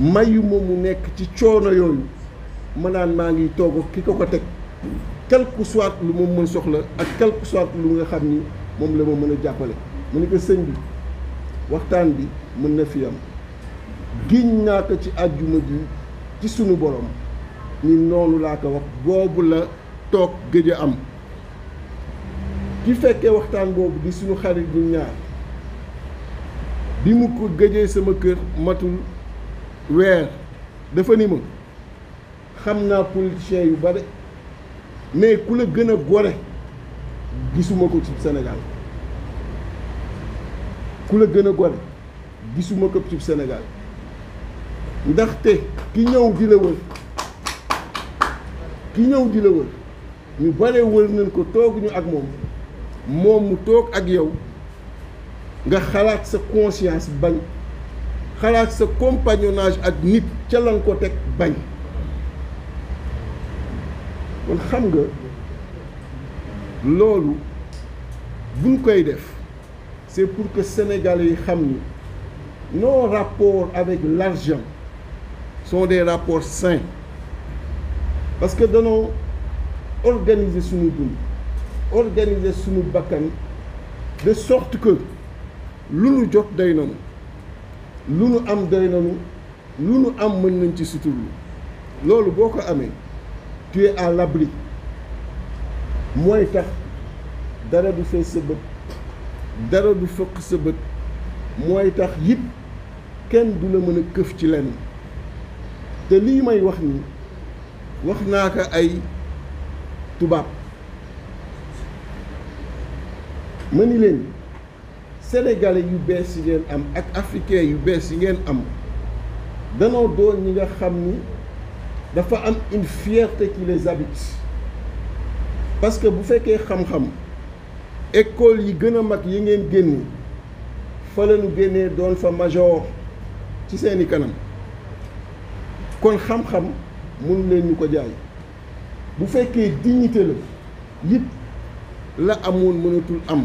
mayu ma mu nekk ci coono yooyu ma maa ngi toog ki ko ko teg quelque soit lu ma mën soxla ak quelque soit lu nga xam ni moom la ma mën a jàppale mu ne ko sëñ bi waxtaan bi mën na fi am giñ naa ko ci àjjuma ji ci sunu boroom ni noonu laa ko wax boobu la toog gëj a am ki fekkee waxtaan boobu di sunu xarit ñu ñaar bi mu ko gëjee sama kër matul weer dafa ni ma xam naa politiciens yu bare mais ku la gën a gore gisuma ko ci Sénégal ku la gën a gore gisuma ko ci Sénégal ndaxte ki ñëw di la wër ki ñëw di la wër ñu bare wër nañ ko tooguñu ak moom moom mu toog ak yow nga xalaat sa conscience bañ xalaat sa compagnonnage ak nit ca lan ko teg bañ kon xam nga loolu buñ koy def c'est pour que Sénégalais yi xam ni nos rapports avec l'argent sont des rapports sains parce que danoo organiser suñu dund organiser suñu bakkan de sorte que lu ñu jot day noonu lu nu am doy nañu lu nu am mën nañ ci suturlu loolu boo ko amee tu es à l'abri mooy tax dara du fees sa bët dara du fëq sa bët mooy tax yépp kenn du la mën a këf ci lenn te lii may wax ni wax naa ko ay tubaab ma ni leen sénégalais yu bees yi ngeen am ak africain yu bees yi am danoo doon ñi nga xam ni dafa am une fierté qui les habite parce que bu fekkee xam-xam école yi gën mak mag yi ngeen génni fa lañu génnee doon fa major ci seeni kanam kon xam-xam mënu leen ñu ko jaay bu fekkee dignité le. yit la amoon mënatul am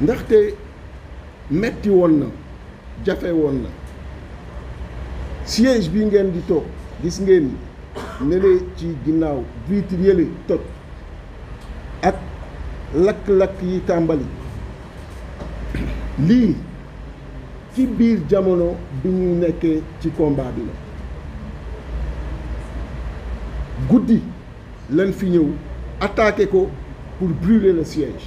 ndaxte metti woon na jafe woon na siège bi ngeen di tok gis ngeen nele ci ginnaw vitre yële toj ak lak lak yi tambali li ci bir jamono bi ñuy nekkee ci combat bi la goudi lañ fi ñew attaquer ko pour brûler le siège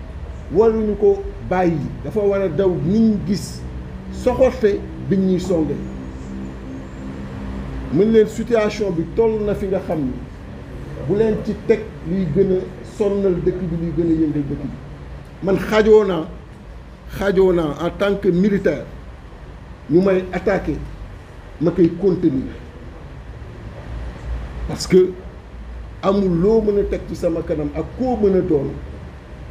waruñu ko bayyi dafa war gis songé mën leen situation bi toll na fi nga xam ni bu leen ci a sonnal dëkk bi liy gën a yëngal man en tant que militaire ñu may attaqué ma parce que amul ci sama kanam ak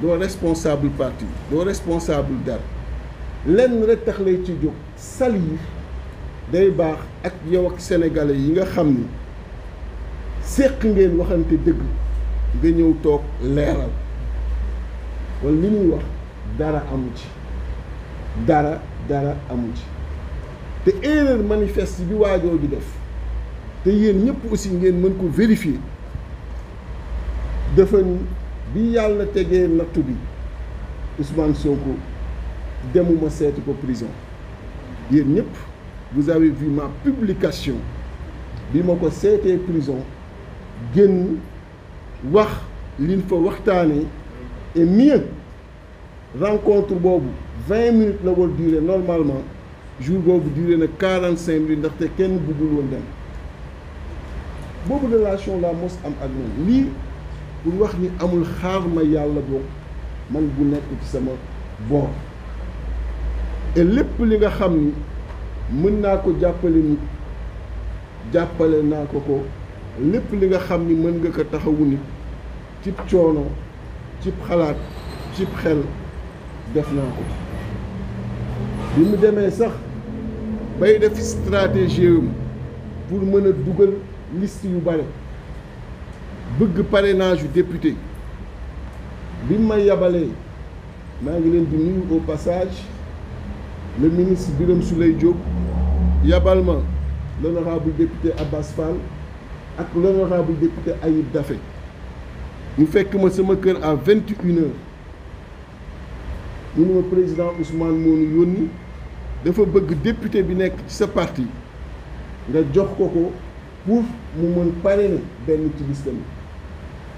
do responsable parti do responsable dara lenn rek tax lay ci jóg salir day bax ak yow ak sénégalais yi nga xamni sék ngeen waxante dëgg nga ñëw tok leeral wal ni ñuy wax dara amu ci dara dara amu ci te erreur manifeste bi waajoo bi def té yeen ñëpp aussi ngeen mën ko vérifier dafa bi yalla bi Ousmane Sonko demuma ko prison yeen ñep vous avez vu ma publication bi ma prison genn wax liñ fa et mieux rencontre bobu 20 minutes la wol normalement jour vous duré na 45 minutes té kenn bëggul won dem relation la mos am ak pour wax ni amul xaar ma yàlla boog man bu nekk ci sama boor et lépp li nga xam ni mën naa ko jàppale nit jàppale naa ko ko lépp li nga xam ni mën nga ko taxawu nit cib coono cib xalaat cib xel def naa ko bi mu demee sax bay def stratégie pour mën a dugal liste yu bare bëgg parrainage député bi may yabalé ma ngi leen di nuyu au passage le ministre Birame Souley Diop yabal ma l'honorable député Abbas Fall ak l'honorable député Ayib Daffé ñu fekk ma sama kër à 21h. ñu président Ousmane moo Yoni dafa bëgg député bi nekk ci sa parti nga jox ko ko pour mu mën parrainer benn ci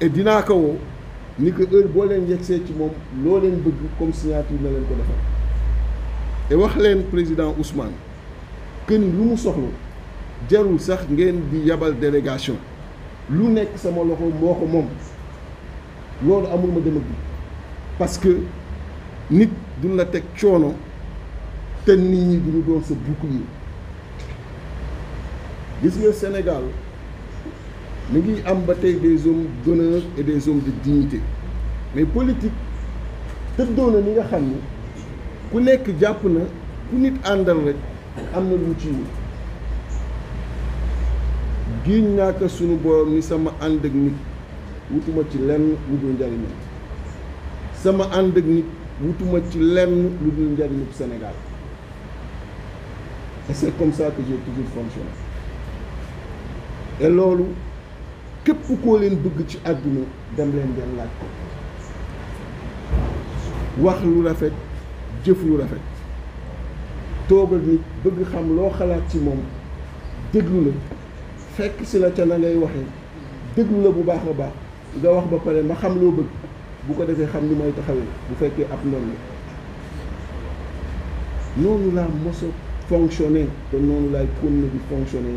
et dina ko ni ko heure bo len yexé ci bëgg comme signature na len ko defal et wax président Ousmane que ni lu mu jarul sax ngeen yabal délégation lu nekk sama loxo moko mom lolu amul ma parce que nit duñ la tek choono te nit ñi doon sa Sénégal. mi ngi am ba tey des hommes d'honneur et des hommes de dignité mais politique tëddoo na ni nga xam ni ku nekk jàpp na ku nit àndal rek am na lu ci wut giiñ naa ko sunu borom ni sama ànd ak nit wutuma ci lenn lu dul njariñam sama ànd ak nit wutuma ci lenn lu dul njariñu Sénégal et c'est comme ça que j'ai toujours fonctionné loolu képp koo leen bëgg ci àdduna dem leen dem laaj ko wax lu rafet jëf lu rafet toogal nit bëgg xam loo xalaat ci moom déglu la fekk si la ca na ngay waxee déglu la bu baax a baax nga wax ba pare ma xam loo bëgg bu ko defee xam ni may taxawee bu fekkee ab noonu la noonu laa moso fonctionné te noonu laay kon na di fonctionné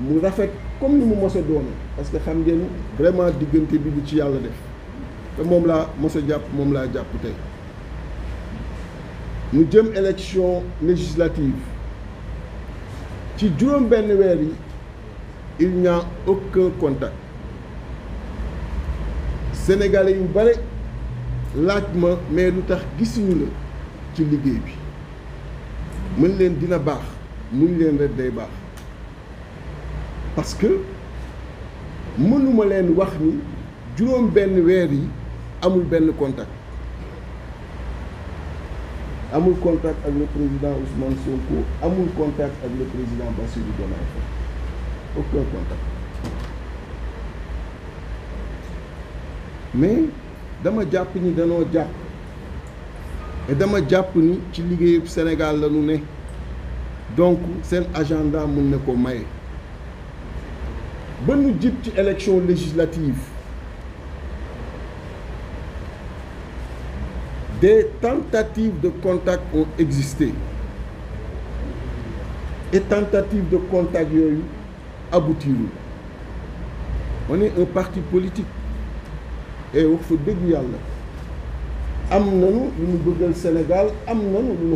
mu rafet comme ni mu mos a doone parce que xam ngeen vraiment diggante bi ci yalla def te mom la mos japp mom la japp jàpp tey ñu jëm élection législative ci juróom ben weer yi il n'y a aucun contact sénégalais yu bari laaj ma mais lutax tax gisuñu la ci liggéey bi mën leen dina baax muñ leen rek day baax parce que mënuma len wax ni juroom ben wèr yi amul ben contact amul contact avec le président Ousmane Sonko amul contact avec le président Bassirou Diomaye aucun contact mais dama japp ni danoo japp et dama japp ni ci liguey Sénégal la ñu né donc un agenda mun na ko maye bonne élection législative des tentatives de contact ont existé et tentatives de contact ont abouti. on est un parti politique et au feu de Sénégal am nous